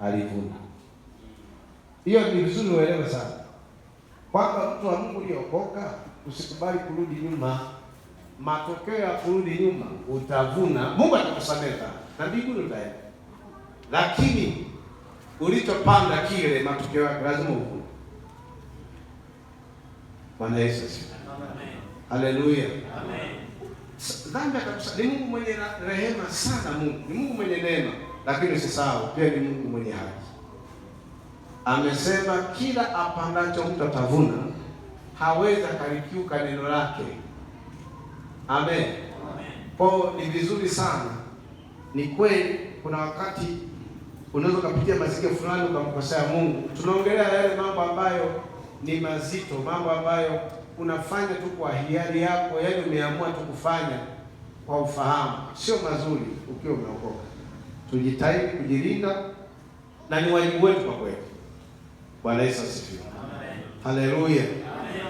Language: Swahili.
alivuna. Hiyo ni vizuri uelewe sana kwamba mtu wa Mungu uliokoka, usikubali kurudi nyuma. Matokeo ya kurudi nyuma utavuna, Mungu atakusamehe na mbinguni utaenda, lakini ulichopanda kile, matokeo yake lazima uvune. Bwana Yesu asifiwe, haleluya, amen dhambi kabisa. Ni Mungu mwenye rehema sana, Mungu ni Mungu mwenye neema, lakini usisahau pia ni Mungu mwenye haki. Amesema kila apandacho mtu atavuna, hawezi akalikiuka neno lake. Amen. Kwa ni vizuri sana, ni kweli, kuna wakati unaweza ukapitia mazingira fulani ukamkosea Mungu. Tunaongelea yale mambo ambayo ni mazito, mambo ambayo unafanya tu kwa hiari yako, yaani umeamua tu kufanya kwa ufahamu, sio mazuri ukiwa umeokoka. Tujitahidi kujilinda na ni wajibu wetu kwa kweli. Bwana Yesu asifiwe, haleluya.